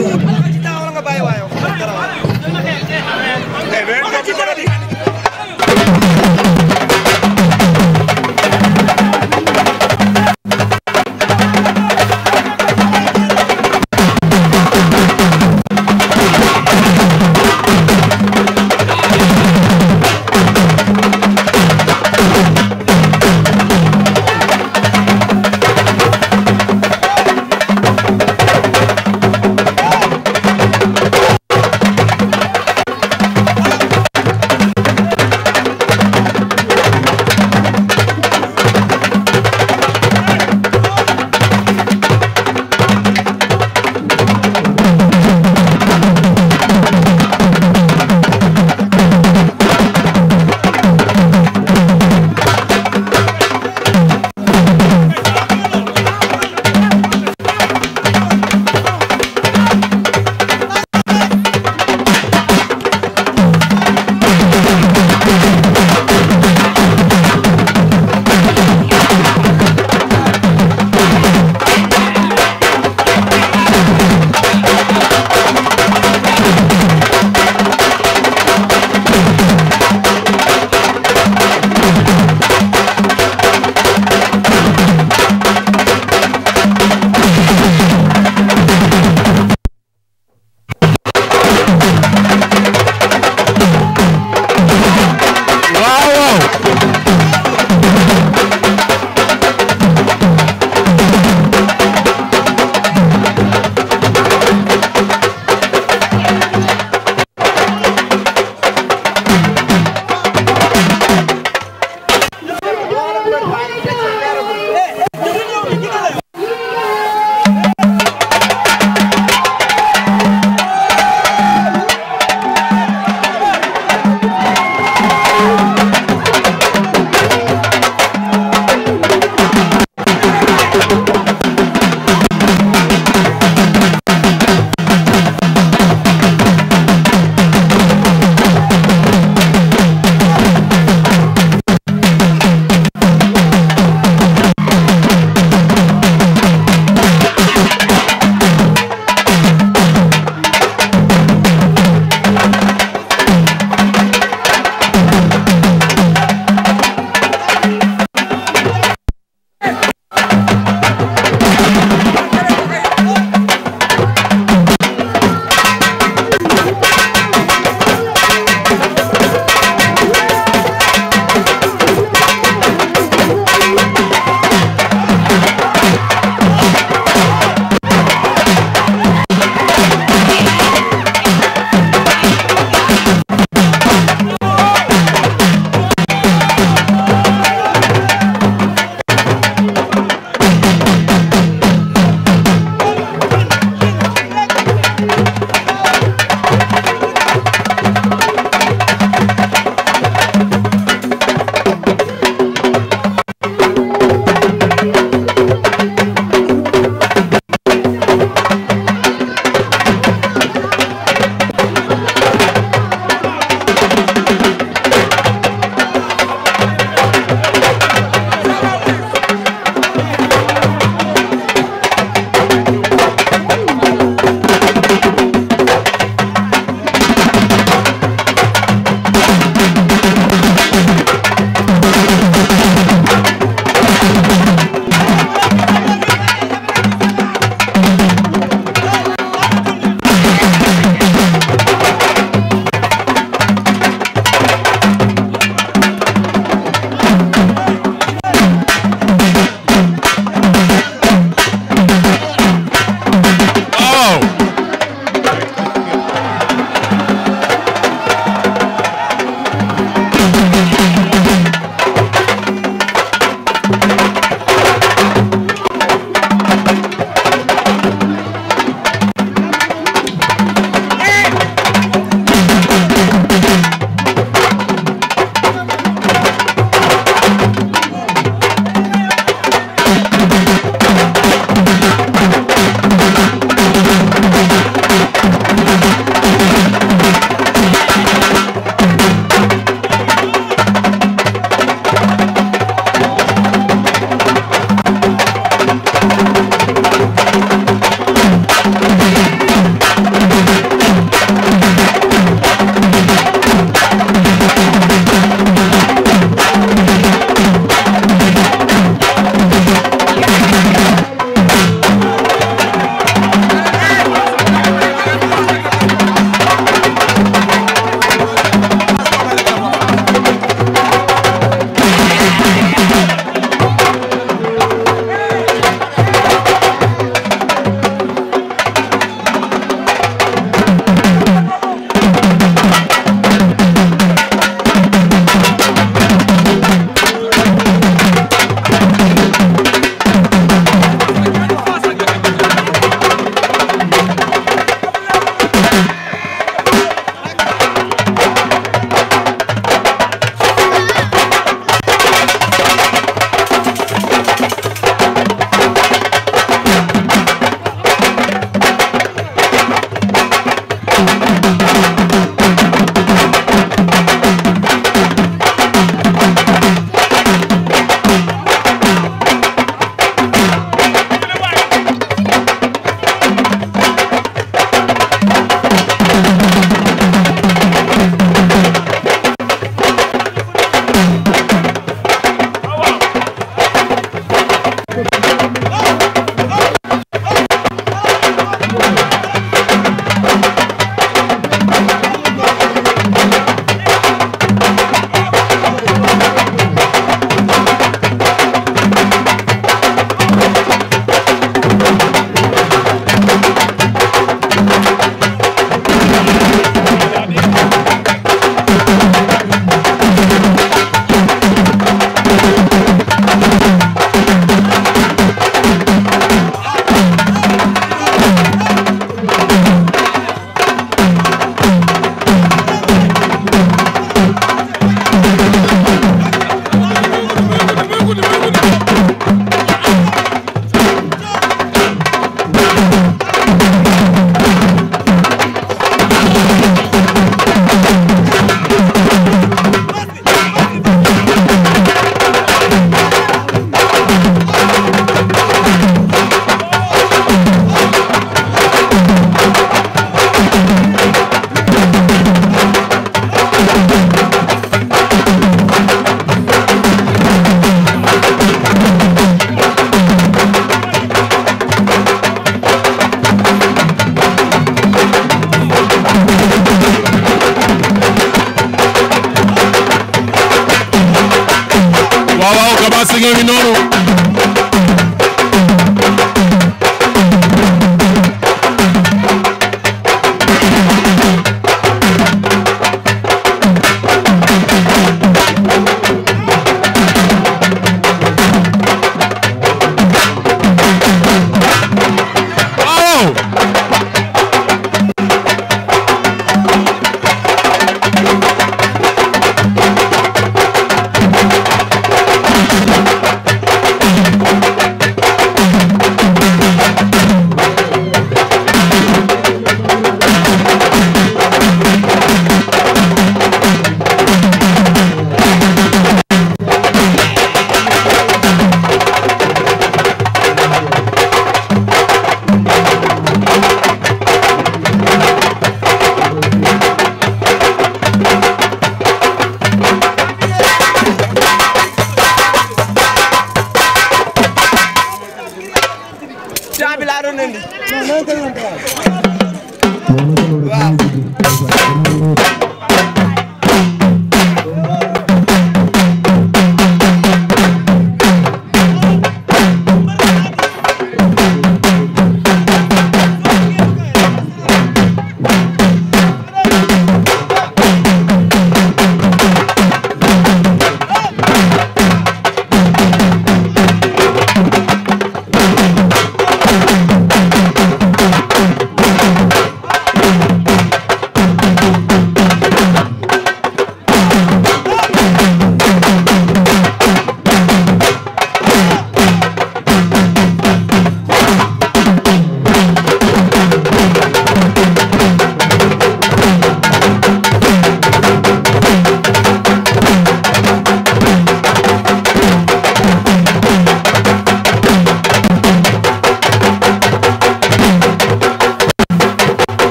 man ma ci taawal nga bàyyi waaye wax dara waaye. Basse Gueye mi noonu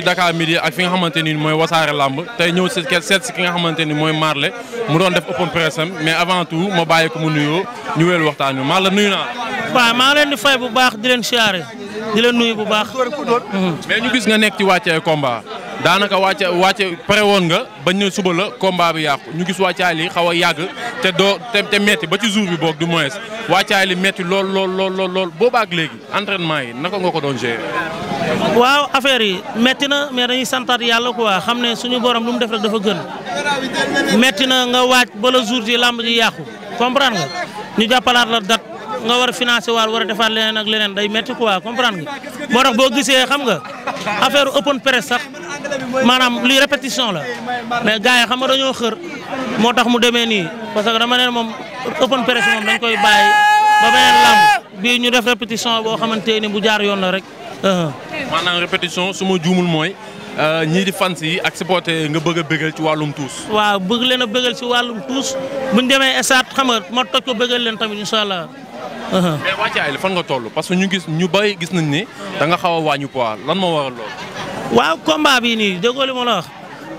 ci Dakar Midi ak fi nga xamante ni mooy wasaare lamb tey ñëw si seet si ki nga xamante ni mooy Marley mu doon def open press am mais avant tout ma bàyyi ko mu nuyoo ñu wéelu waxtaan wi Marley nuyu naa. waaw maa leen di fay bu baax di leen siyaare di leen nuyu bu baax. mais ñu nekk ci wàccee combat daanaka wàcce wàcce pare woon nga bañ ne suba la combat bi yàqu ñu gis wàccaay li xaw a yàgg te doo te metti ba ci jour bi boog du moins wàccaay li metti lool lool lool lool ak boobaak léegi entraînement yi naka nga ko doon gérer. waaw affaire yi metti na mais dañuy santaat yàlla ko waa xam ne suñu borom lu mu def rek dafa gën metti na nga waaj ba la jour ji làmb ji yàqu comprendre nga ñu jàppalaat la date nga war a financé waat war a defaat leneen ak leneen day metti quoi comprendre nga moo tax boo gisee xam nga affaire open sax. maanaam lii répétition la mais gars yi xam nga dañoo xër moo tax mu demee nii parce que dama ne moom open press moom dañ koy bàyyi ba beneen lamb bii ñu def répétition boo xamante ni bu jaar yoon la rek. Uh-huh. maanaam répétition su ma juumul mooy uh, ñii di fans si ak supporter nga bëgg bëggal ci wàllum tuus. waaw bëgg leen a bëggal ci wàllum tuus bu ñu demee stade xam nga ma toj ko bëggal leen tamit ñu allah. Uh-huh. mais wàccaay la fan nga toll parce que ñu gis ñu bay gis nañ ni da xaw a wàññi poids waaw combat bii nii déggoo li ma la wax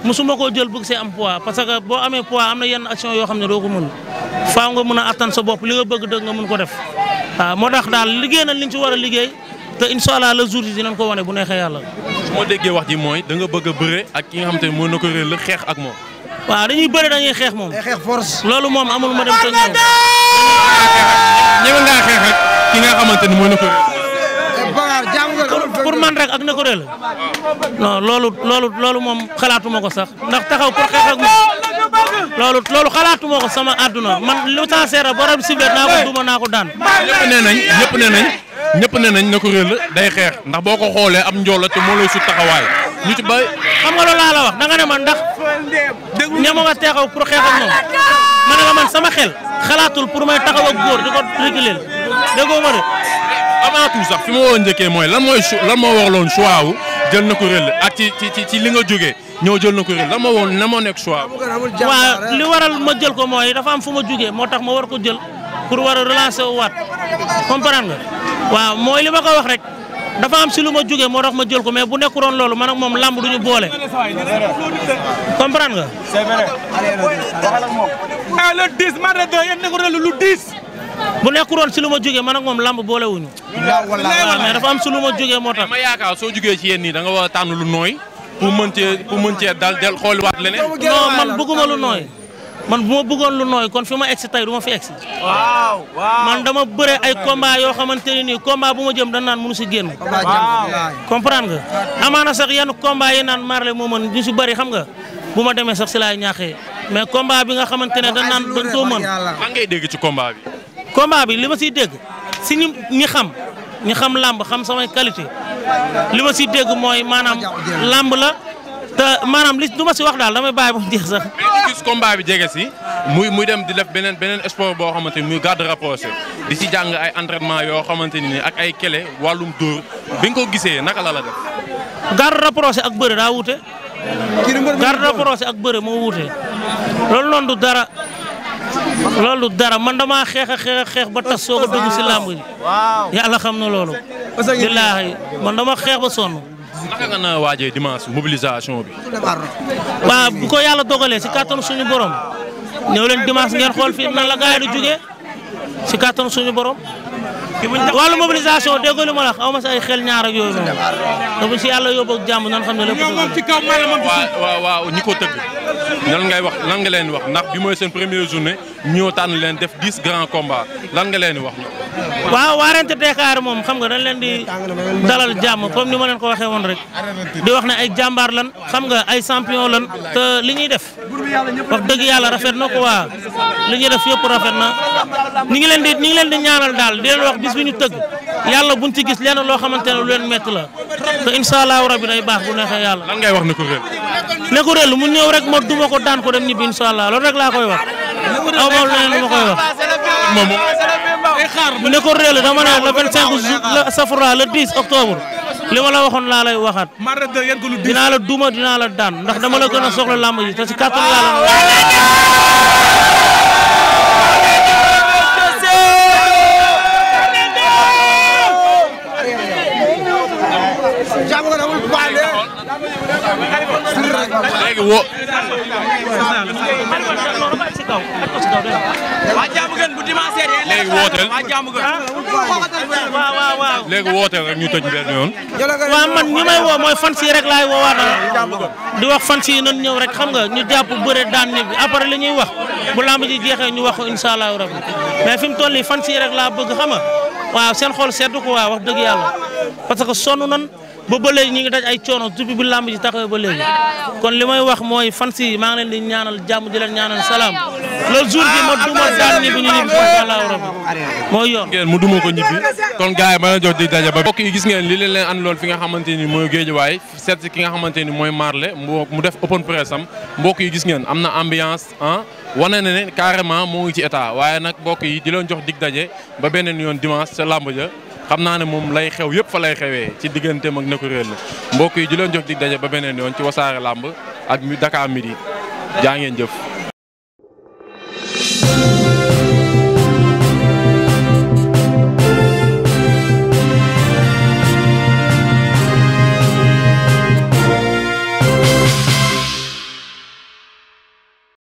musuma koo jël bëgg see am poids parce que boo amee poids am na yenn action yoo xam ne doo ko mën faaw nga mën a attan sa bopp li nga bëgg dëgg nga mën ko def waaw moo tax daal liggéey na li ñu si war a liggéey te incha allah le jour yi dinañ ko wane bu neexee yàlla. su ma déggee wax ji mooy danga nga bëgg a bëre ak ki nga na ko réer la xeex ak moom. waaw dañuy bëre dañuy xeex moom. xeex force. loolu moom amul ma dem xamante ni mën na ko réer rek ak na ko réel non loolu loolu loolu moom xalaatuma ko sax ndax taxaw pour xeex moom loolu loolu xalaatuma sama àdduna man lu saa seera borom siblet naa ko duma naa ko daan ñëpp nee nañ ñëpp nee nañ ñëpp nee nañ na ko réel day xeex ndax boo ko xoolee am njool la te moo lay su taxawaay xam nga loolu laa la wax da nga ne man ndax ñama nga teexaw pour xeex ak moom ma la man sama xel xalaatul pour may taxaw ak góor di ko de avant tout sax fi ma woon njëkkee mooy lan mooy lan moo waraloon choix wu jël na ko relais ak ci li nga jógee ñëw jël na ko relais lan moo woon na moo nekk choix waaw li waral ma jël ko mooy dafa am fu ma jógee moo tax ma war ko jël pour war a relancer wu waat comprendre nga waaw moo li ma ko wax rek dafa am si lu ma jógee moo tax ma jël ko mais bu nekkuloon loolu man ak moom làmb du ñu boole comprendre nga. c'est vrai. le 10 ah, mars de yéen nekk lu 10. bu nekkul woon si lu ma jógee man ak moom lamb boolewuñu. mais dafa am si lu ma jógee moo tax. ma yaakaar soo jógee ci yéen nii da nga war a tànn lu nooy pour mën cee pour mën cee dal del xooliwaat leneen. non man bëgguma lu nooy. man bu ma bëggoon lu nooy kon fi ma egsi tey du ma fi egsi. waaw waaw man dama bëre ay combat yoo xamante ne nii combat bu ma jëm dañ naan mënu si génn. comprendre nga. amaana sax yenn combat yi naan Marley moo mën ñu si bëri xam nga bu ma demee sax si laay ñaaxee mais combat bi nga xamante ne dañ naan dañ koo mën. ngay dégg ci combat bi. combat bi li ma siy dégg si ñu ñi xam ñi xam làmb xam samay qualité li ma siy dégg mooy maanaam làmb la te maanaam li du ma si wax daal damay bàyyi ba jeex sax. mais bi jege si. muy muy dem di def beneen beneen sport boo xamante ni muy garde rapproché di si jàng ay entraînement yoo xamante ni ak ay kele wàllum dóor bi nga ko gisee naka la la def. garde rapproché ak bëre daa wuute. garde rapproché ak bëre moo wuute loolu noonu dara. loolu dara man damaa xeex a xeex a xeex ba tas soo ko dugg si làmb ji. xam na loolu. billaahi man dama xeex ba sonn. naka nga na waajee bi. waaw bu ko yàlla dogalee si kàttanu suñu borom. ñëw leen dimanche ngeen xool fii nan la gars yi si kàttanu suñu borom. wàllu mobilisation déggoo li ma la xaw ma si ay xel ñaar ak yooyu noonu. te si yàlla yóbbu ak jàmm nan xam ne waaw waaw ñi lan ngay wax lan nga leen wax ndax bi mooy seen première journée ñoo tànn leen def dix grands combats lan nga leen wax. waaw waarante Dakar moom xam nga dañ leen di dalal jàmm comme ni ma leen ko waxee woon rek di wax ne ay jàmbaar lan xam nga ay champion lan te li ñuy def wax dëgg yàlla rafet na quoi li ñuy def yëpp rafet na ñu ngi leen di ñu ngi leen di ñaanal daal di leen wax bis bi ñu tëgg. yàlla buñ ci gis lenn loo xamante ne lu leen métti la te incha allahu rabi day baax bu neexee yàlla. lan ngay wax ne ko réel. ne ko réel mu ñëw rek ma duma ko daan ko dem ñibbi incha allah loolu rek laa koy wax. aw ma leneen lu ma koy wax. moom moom. ne ko réel dama ne la 25 ju safura le 10 octobre. li ma la waxoon laa lay waxaat. dinaa la duma dinaa la daan ndax dama la gën a soxla làmb ji te si kàttan laa la. wo waa jàmm gën bu dimanche léegi wooteel ah, léegi wooteel rek ñu toj benn yoon. waaw man ñi may woo mooy fan yi rek laay woowaat ah. di wax fans yi nan ñëw rek xam nga ñu jàpp bëre daan ñëw après li ñuy wax bu lamb ji jeexee ñu wax ko incha mais fi mu toll nii fans yi rek laa bëgg xam nga waaw seen xol seddu ko waaw wax dëgg yàlla parce que sonn nan. ba ba léegi ñu ngi daj ay coono depuis bu làmb ji taxawee ba léegi kon li may wax mooy fan si maa leen di ñaanal jàmm ji leen ñaanal salaam le jour bi ma duma daan ñibbi ñu ñibbi mooy yoon ngeen mu duma ko ñibbi kon gars yi ma la jox di daje ba mbokk yi gis ngeen li leen leen ànd lool fi nga xamante ni mooy géejuwaay seet si ki nga xamante ni mooy Marley mu def open press am mbokk yi gis ngeen am na ambiance ah wane na ne carrément moo ngi ci état waaye nag mbokk yi di leen jox dig daje ba beneen yoon dimanche ca làmb ja xam naa ne moom lay xew yëpp fa lay xewee ci digganteem ak Neko Réel la mbokk yi di leen jox dig daje ba beneen yoon ci wasaare làmb ak Dakar Midi jaa ngeen jëf.